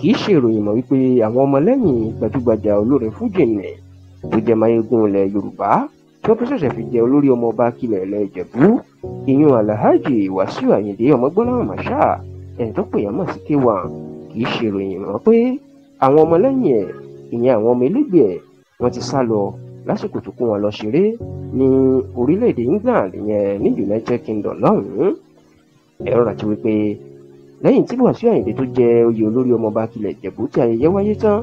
kì í ṣe ìròyìn mọ́ wípé àwọn ọmọlẹ́yìn gbajúgbajà olórin fújì nì tó jẹ́ máyégún ilẹ̀ yorùbá tí wọ́n tó ṣẹ̀ṣẹ̀ fi jẹ olórí ọmọ ọba akilẹ̀ ilẹ̀ ìjẹ̀bú ìyún alhaji wàsíù àyìndé ọmọgbọ́nlọ́wọ́ màṣá ẹni tó pè yàn mọ̀ sí k1 kì í ṣe ìròyìn mọ́ pé àwọn ọmọlẹ́yìn ẹ̀ ìyẹn àwọn ọmọ ẹlẹ́gbẹ́ ẹ̀ wọ́n ti sá lọ lásìkò tó kó wọn lọ ṣeré ní orílẹ̀-èdè england ìyẹn ní united kingdom lọ́hùn-ún ẹ̀rọ rà ti wípé lẹ́yìn tí wàsíù àyìndé tó jẹ oyè olórí ọmọọba tilẹ̀ ìjẹ̀bú tí ayẹyẹ wáyé tán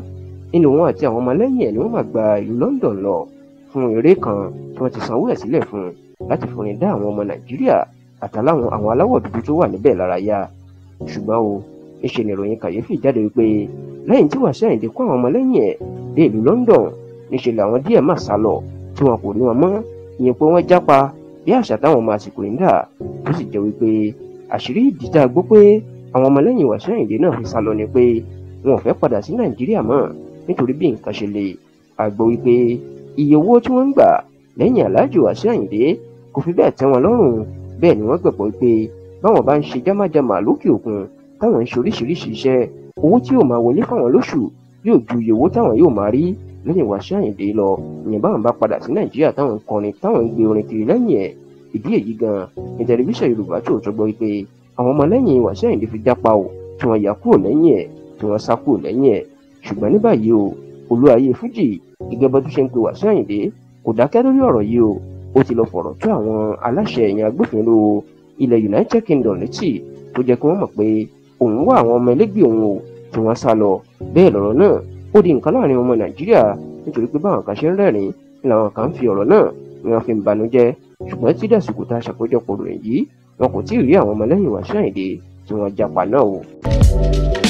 inú wọn àti àwọn ọmọlẹ́yìn ẹ̀ ni wọ́n máa gba ìlú london lọ fún eré kan tí wọ́n ti sanwó ẹ̀ sílẹ̀ fún láti fúnni dá àwọn ọmọ nàìjíríà àtàláwọn àwọn aláwọ̀ dúdú tó wà níbẹ̀ lárayá ṣùgbọ́n o ìṣe nìròyìn kàyéfì jáde wípé lẹ́yìn tí wàsíù àyìndé kó àwọn ọmọlẹ́yìn ẹ̀ dé ìlú london níṣẹ́ làwọn díẹ̀ máa sá lọ tí wọn kò rí wọn mọ́ ìyẹn pé wọ́n jápa bí àṣà táwọn ọmọ àsìkò ń dà tó sì jẹ́ wípé àṣírí ìdí tá a gbọ́ pé àwọn ọmọlẹ́yìn Wasiu Ayinde náà fi sá lọ ni pé wọn ò fẹ́ padà sí nàìjíríà mọ́ nítorí bí nǹkan ṣe le àgbọ̀ wípé iye owó tí wọ́n ń gbà lẹ́yìn aláàjì Wasiu Ayinde kò fi bẹ́ẹ̀ tẹ́ wọn lọ́rùn bẹ́ẹ̀ ni wọ́n gbàgbọ́ pé báwọn bá ń ṣe jámájàmá lókè òkun táwọn ń ṣe oríṣiríṣi iṣẹ́ owó tí yóò máa wọlé fáwọn lóṣù yóò ju iye owó táwọn yóò máa rí lẹ́yìn Wasiu Ayinde lọ ìyẹn báwọn bá padà sí nàìjíríà táwọn ń kọrin táwọn ń gbé orin kiri lẹ́yìn ẹ̀ ìdí èyí gan ni tẹlifíṣàn yorùbá tó tọgbọ́ wípé àwọn ọmọlẹ́yìn Wasiu Ayinde fi jápa o tí wọ́n yà kúrò lẹ́yìn ẹ̀ tí wọ́n sá kúrò lẹ́yìn ẹ̀ ṣùgbọ́n ní báyìí o olú ayé fújì gẹ́gẹ́ bọ́dún ṣe ń pe Wasiu Ayinde kò dákẹ́ lórí ọ̀rọ̀ yìí o ó ti lọ fọ̀rọ̀ tó àwọn aláṣẹ ẹ̀yìn agbófinró ilẹ̀ United Kingdom létí tó jẹ́ kí wọ́n mọ̀ pé òun wá àwọn ọmọ ẹlẹ́gbẹ́ òun o tí wọ́n sá lọ bẹ́ẹ̀ lọ̀rọ̀ náà ó di nǹkan láàrin ọmọ Nàìjíríà nítorí pé báwọn kan ṣe ń rẹ́rìn làwọn kan ń fi ọ̀rọ̀ náà ni wọ́n fi ń banújẹ́ ṣùgbọ́n tí dàsìkò tá a ṣàkójọpọ̀ ròyìn yìí wọn kò tí ì rí àwọn ọmọlẹ́yìn Wasiu Ayinde tí wọ́n jàpá náà o